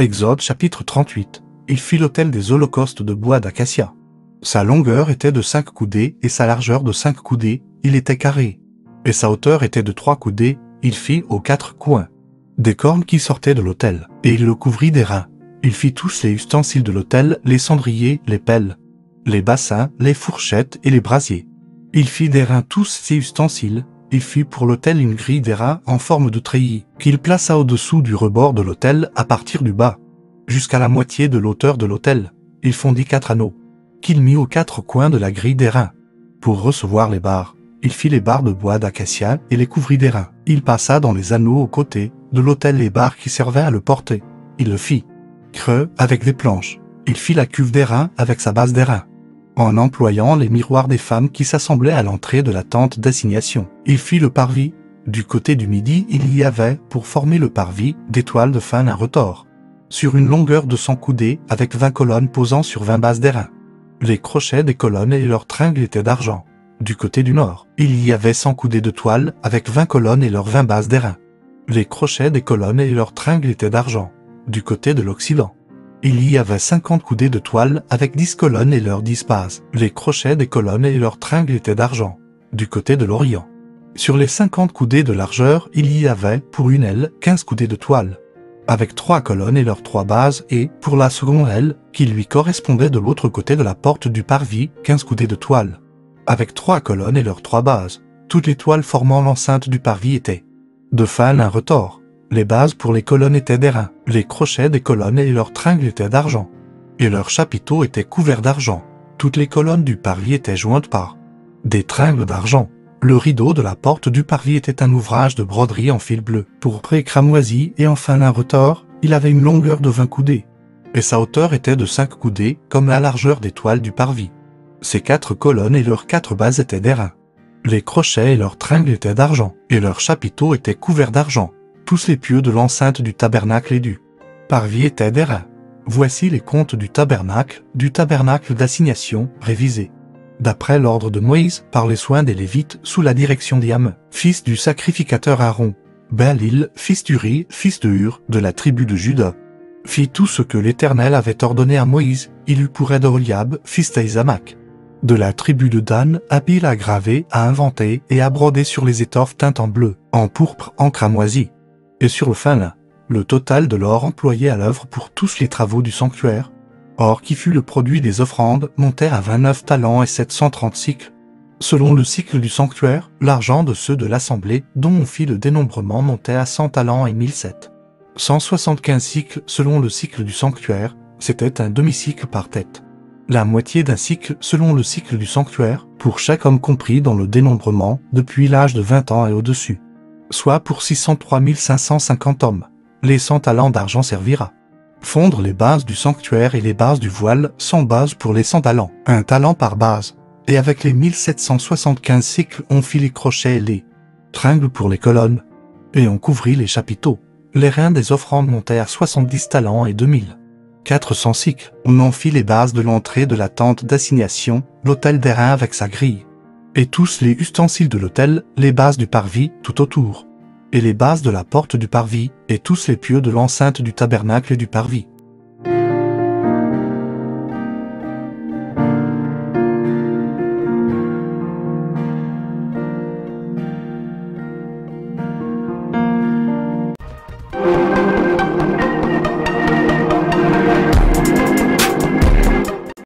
Exode chapitre 38. Il fit l'autel des holocaustes de bois d'acacia. Sa longueur était de 5 coudées et sa largeur de 5 coudées, il était carré. Et sa hauteur était de trois coudées, il fit aux quatre coins. Des cornes qui sortaient de l'autel, et il le couvrit des Il fit tous les ustensiles de l'autel, les cendriers, les pelles, les bassins, les fourchettes et les brasiers. Il fit des reins tous ces ustensiles, il fit pour l'hôtel une grille d'airain en forme de treillis, qu'il plaça au-dessous du rebord de l'hôtel à partir du bas, jusqu'à la moitié de l'auteur de l'hôtel Il fondit quatre anneaux, qu'il mit aux quatre coins de la grille d'airain. Pour recevoir les barres, il fit les barres de bois d'acacia et les couvrit d'airain. Il passa dans les anneaux aux côtés de l'hôtel les barres qui servaient à le porter. Il le fit creux avec des planches. Il fit la cuve d'airain avec sa base d'airain en employant les miroirs des femmes qui s'assemblaient à l'entrée de la tente d'assignation. Il fit le parvis. Du côté du midi, il y avait, pour former le parvis, des toiles de fin à retors. Sur une longueur de 100 coudées, avec 20 colonnes posant sur 20 bases d'airain. Les crochets des colonnes et leurs tringles étaient d'argent. Du côté du nord, il y avait 100 coudées de toiles, avec 20 colonnes et leurs 20 bases d'airain. Les crochets des colonnes et leurs tringles étaient d'argent. Du côté de l'Occident, il y avait 50 coudées de toile avec 10 colonnes et leurs 10 bases. Les crochets des colonnes et leurs tringles étaient d'argent, du côté de l'Orient. Sur les 50 coudées de largeur, il y avait, pour une aile, 15 coudées de toile, avec trois colonnes et leurs trois bases, et, pour la seconde aile, qui lui correspondait de l'autre côté de la porte du parvis, 15 coudées de toile, avec trois colonnes et leurs trois bases. Toutes les toiles formant l'enceinte du parvis étaient, de fin un retors. Les bases pour les colonnes étaient d'airain, les crochets des colonnes et leurs tringles étaient d'argent. Et leurs chapiteaux étaient couverts d'argent. Toutes les colonnes du parvis étaient jointes par des tringles d'argent. Le rideau de la porte du parvis était un ouvrage de broderie en fil bleu, Pour pré cramoisi et enfin un retors, il avait une longueur de 20 coudées. Et sa hauteur était de 5 coudées, comme la largeur des toiles du parvis. Ces quatre colonnes et leurs quatre bases étaient d'airain. Les crochets et leurs tringles étaient d'argent, et leurs chapiteaux étaient couverts d'argent tous les pieux de l'enceinte du tabernacle et du parvis étaient Voici les comptes du tabernacle, du tabernacle d'assignation, révisé. D'après l'ordre de Moïse, par les soins des Lévites, sous la direction d'Iam, fils du sacrificateur Aaron, Balil, fils d'Uri, fils de Hur, de la tribu de Juda, fit tout ce que l'Éternel avait ordonné à Moïse, il eut pour aide Oliab, fils d'Aizamak. De la tribu de Dan, habile à graver à inventer et à broder sur les étoffes teintes en bleu, en pourpre, en cramoisi et sur le fin, le total de l'or employé à l'œuvre pour tous les travaux du sanctuaire, or qui fut le produit des offrandes, montait à 29 talents et 730 cycles. Selon le cycle du sanctuaire, l'argent de ceux de l'assemblée, dont on fit le dénombrement, montait à 100 talents et 1007. 175 cycles selon le cycle du sanctuaire, c'était un demi-cycle par tête. La moitié d'un cycle selon le cycle du sanctuaire, pour chaque homme compris dans le dénombrement, depuis l'âge de 20 ans et au-dessus soit pour 603 550 hommes. Les 100 talents d'argent servira. Fondre les bases du sanctuaire et les bases du voile, 100 bases pour les 100 talents, un talent par base. Et avec les 1775 cycles, on fit les crochets et les tringles pour les colonnes. Et on couvrit les chapiteaux. Les reins des offrandes montèrent 70 talents et 2000. 400 cycles. On en fit les bases de l'entrée de la tente d'assignation, l'hôtel des reins avec sa grille et tous les ustensiles de l'autel, les bases du parvis tout autour, et les bases de la porte du parvis, et tous les pieux de l'enceinte du tabernacle et du parvis.